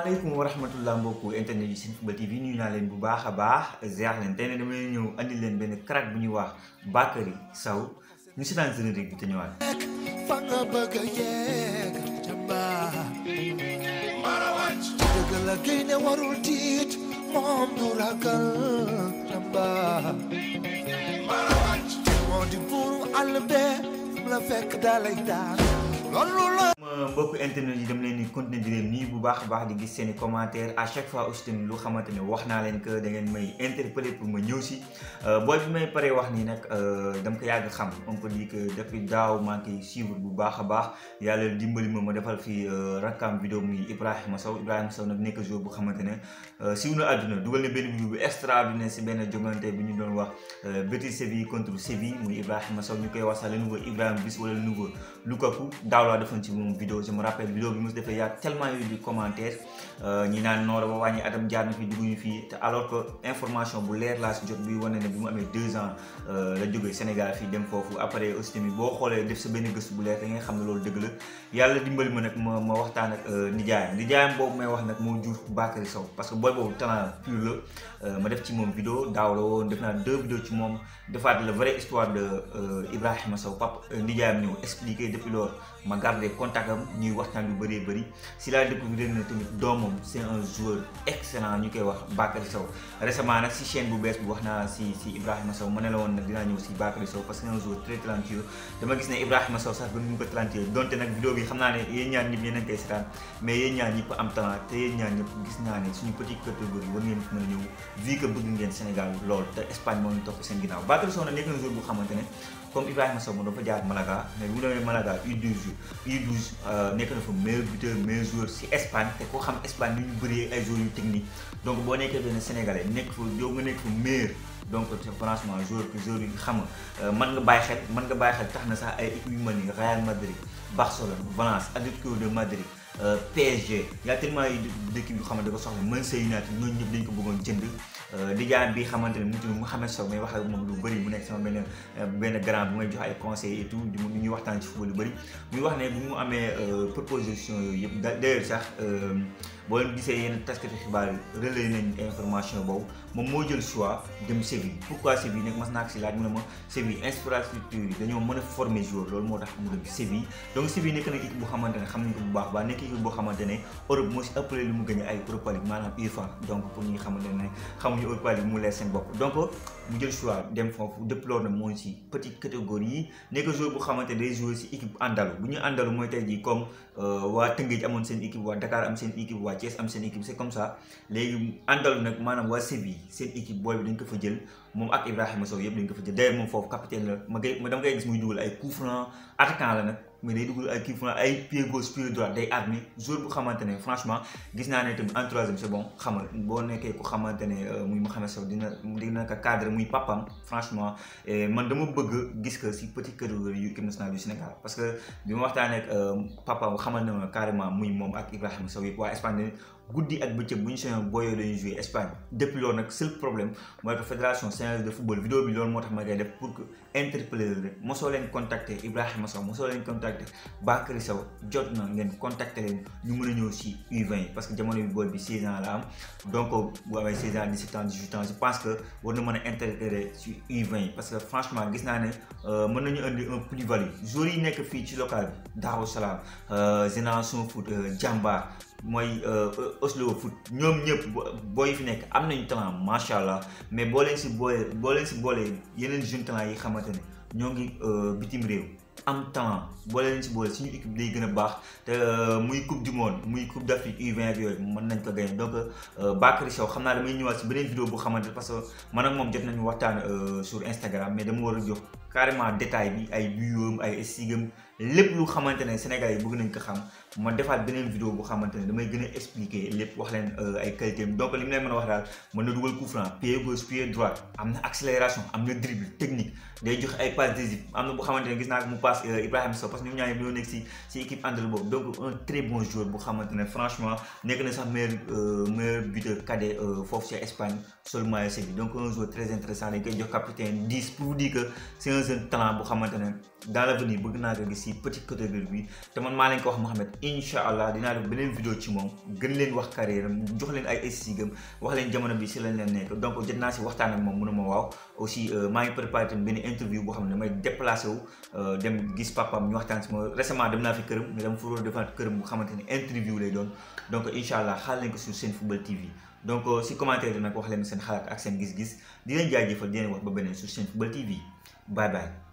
asalaamaaleykum wa rahmatullah mbokku internet yi Senfootball TV leen bu baax baax ziar leen tey dama leen andi leen crack bu ñuy wax Bakary Sow ñu générique bi te fa nga bëgg la warul tiit du ragal la fekk dalay daan mbokku internet yi dem leen ni continuer di leen nii bu baax a baax di gis seen i commentaire à chaque fois aussi tamit lu xamante ne wax naa leen que da ngeen may interpeller pour ma ñëw si euh, booy bi may paree wax nii nag euh, dama ko yàgg xam on peut dire que depuis daaw maa ngi koy bu baax a baax yàlla dimbali ma ma defal fii euh, rakam vidéo muy Ibrahima Sow Ibrahima Sow nag nekk jour bu xamante ne siw na àdduna dugal na benn vidéo bu extraordinaire si benn jogante bi ñu doon wax Betis Séville contre Séville muy Ibrahima Sow ñu koy wax sax le nouveau Ibrahima Bis wala le nouveau Lukaku daaw laa defoon ci moom vidéo je me rappelle vidéo bi mos defee y a tellement eu de commentaires euh, ñi naan noonu la wañi Adam jaar na fi dugguñu fii te alors que information bu lèr la ci jot buy wane né bu mu amé 2 ans euh la jógee Sénégal fi dem fofu après aussi tamit bo xolé def sa bénn gëstu bu lèr da nga xamné ne loolu dëgg la yàlla dimbali ma nak ma ma waxtaan ak euh, nijaayam nijaayam bobu may wax nak mo jur Bakary Sow parce que boy bobu talent pur euh, ma def ci mom vidéo daaw la woon def na deux vidéos ci mom defaat la vraie histoire de euh, Ibrahima Sow papa euh, nijaayam ñeu expliquer depuis loolu ma garder contact ñuy waxtaan lu bëree bëri si laa découvrir na tamit doomam c' est un joueur excellent ñu koy wax Bakary Sow récemment nag si chaîne bu bees wax naa si si Ibrahima Sow ma ne la woon nag dinaa ñëw si Bakary Sow parce que un joueur très talentueux dama gis ne Ibrahima Sow sax gën ñu ko talentueux donte nag vidéo bi xam naa ne yéen ñaar ñëpp yéen koy seetaan mais yéen ñaar ñëpp am talent te yéen ñaar ñëpp gis naa ne suñu petite catégorie war ngeen mën a ñëw vu que bëgg ngeen Sénégal lool te Espagne moo ñu topp seen ginnaaw Bakary Sow nag nekk na joueur bu xamante ne comme Ibrahima Sow dafa jaar Malaga mais bu demee Malaga U12 U12 Euh, nekk na fa meilleur buteur meilleur joueur si Espagne te koo xam Espagne ni ñu bëree ay joueur yu technique donc boo nekkee benn sénégalais nekk fa yow nga nekk fa meilleur donc franchement joueur que joueur yi xam nga euh, mën nga bàyyi xel mën nga bàyyi xel tax na sax ay équipe yu mel ni Real Madrid Barcelone Valence atletico de Madrid euh, PSG y a tellement d'équipes yu xam ne da ko soxla Manchester United ñooñu ñëpp dañ ko bëggoon jënd nijaayam euh, bi xamante ne mu ci Mouhamed Sow may wax ak moom lu bëri mu nekk sama benn euh, benn grand bu may jox ay conseils et tout di ñuy waxtaan ci football lu bëri ne bu mu amee euh, proposition yooyu yëpp d'ailleurs sax boo leen gisee yenn taskati xibaar yi relayer nañ boobu moom moo jël choix dem Séville pourquoi Séville nag naa ko si laaj mu ne ma Séville infrastructure yi dañoo mën a former moo tax mu dem Séville bu ne xam nañ ko bu baax baax nekk équipe boo xamante ne Europe moo si ëppale lu mu gagné ay Europa League maanaam UEFA donc pour ñi xamante ne ñu ëppal mu leer seen bopp donc mu jël choix dem foofu déploie na mooy si petite catégorie yi nekk joueur bu xamante day jouer si équipe àndalu bu ñu àndalu mooy tey jii comme euh, waa Tëngéej amoon seen équipe waa Dakar am seen équipe waa Thiès am seen équipe c' est comme ça léegi àndalu nag maanaam waa Séville seen équipe booy dañ ko fa jël moom ak Ibrahima Sow yëpp dañ ko fa jël d'ailleurs moom foofu capitaine la ma koy ma dama koy gis muy dugal ay coup franc attaquant la nag mais day dugal ay kii fran ay pied gauche pied droit day armé joueur bu xamante ne franchement gis naa ne tamit en troisième c'est bon xamal boo nekkee ku xamante ne euh, muy Mouhamed Sow dina dina ko cadre muy papam franchement man dama bëgg gis ko si petit catégorie yu équipe nationale du Sénégal parce que bi ma waxtaanee ak euh, papam xamal na ma carrément muy moom ak ibrahim Sow yëpp waa Espagne guddi ak bëccëg bu ñu sañoon booyoo dañuy Espagne depuis loolu nag seul problème mooy que fédération sénégalaise de football vidéo bi loolu moo tax ma koy def pour que interpeller rek mosoo leen contacter Ibrahima Sow mosoo leen contacter Bakary Sow jot na ngeen contacter leen ñu mën a ñëw si U20 parce que jamono bi booy bi 16 ans la am donc bu amee 16 ans 17 ans 18 ans je pense que war na mën a U20 parce que franchement gis naa ne euh, mën nañu indi un plus value joueurs yi nekk fii ci local bi Darou Salaam euh, génération foot Jamba euh, mooy euh, Oslo Foot ñoom ñëpp bo booy fi nekk am nañu talent macha allah mais boo si boolee boo leen si boolee yeneen jeune talent yi xamante ne ñoo ngi euh, bitim réew am talent boo leen si boole suñu équipe day gën a baax te euh, muy coupe du monde muy coupe d' Afrique U20 yooyu mën nañ ko gagné donc Bakary Sow xam naa damay ñëwaat si beneen vidéo bu xamante parce que man ak moom jot nañu waxtaan sur Instagram mais dama war a jox carrément détail bi ay buyam ay sigam. lépp lu xamante sénégalais yi bëgg nañ ko xam ma defaat beneen vidéo bu xamante ne damay gën a expliquer lépp wax leen euh, ay qualité donc li mu leen mën a wax daal mën na dugal coup franc pied gauche pied droit am na accélération am na dribble technique day jox ay passes décisives am na bu xamante gis naa mu passe euh, Ibrahima Sow parce que ñoom ñaar ñoo nekk si si équipe àndal boobu donc un très bon joueur bu xamante franchement nekk na sax meilleur euh, meilleur buteur cadet foofu ci Espagne seulement essai bi donc un joueur très intéressant dañ koy jox capitaine 10 pour vous dire que c'est un jeune talent bu xamante ne dans l'avenir bëgg naa ko gis si petite catégorie bi te man maa leen ko wax Mohamed incha allah dinaa def beneen vidéo ci moom gën leen wax carrière am jox leen ay estigam wax leen jamono bi si lañ leen nekk donc jot naa si waxtaan ak moom mu ne ma waaw euh, boo xam ne damay déplacé wu euh, dem gis papam ñu waxtaan si moom récemment dem naa fi këram mais dama fa war a defaat këram bu ne interview lay doon donc incha allah xaal leen ko sur seen football TV donc euh, si commentaire nag wax leen seen xalaat ak seen gis-gis di leen jaajëfal di leen wax ba beneen sur seen football TV bye bye.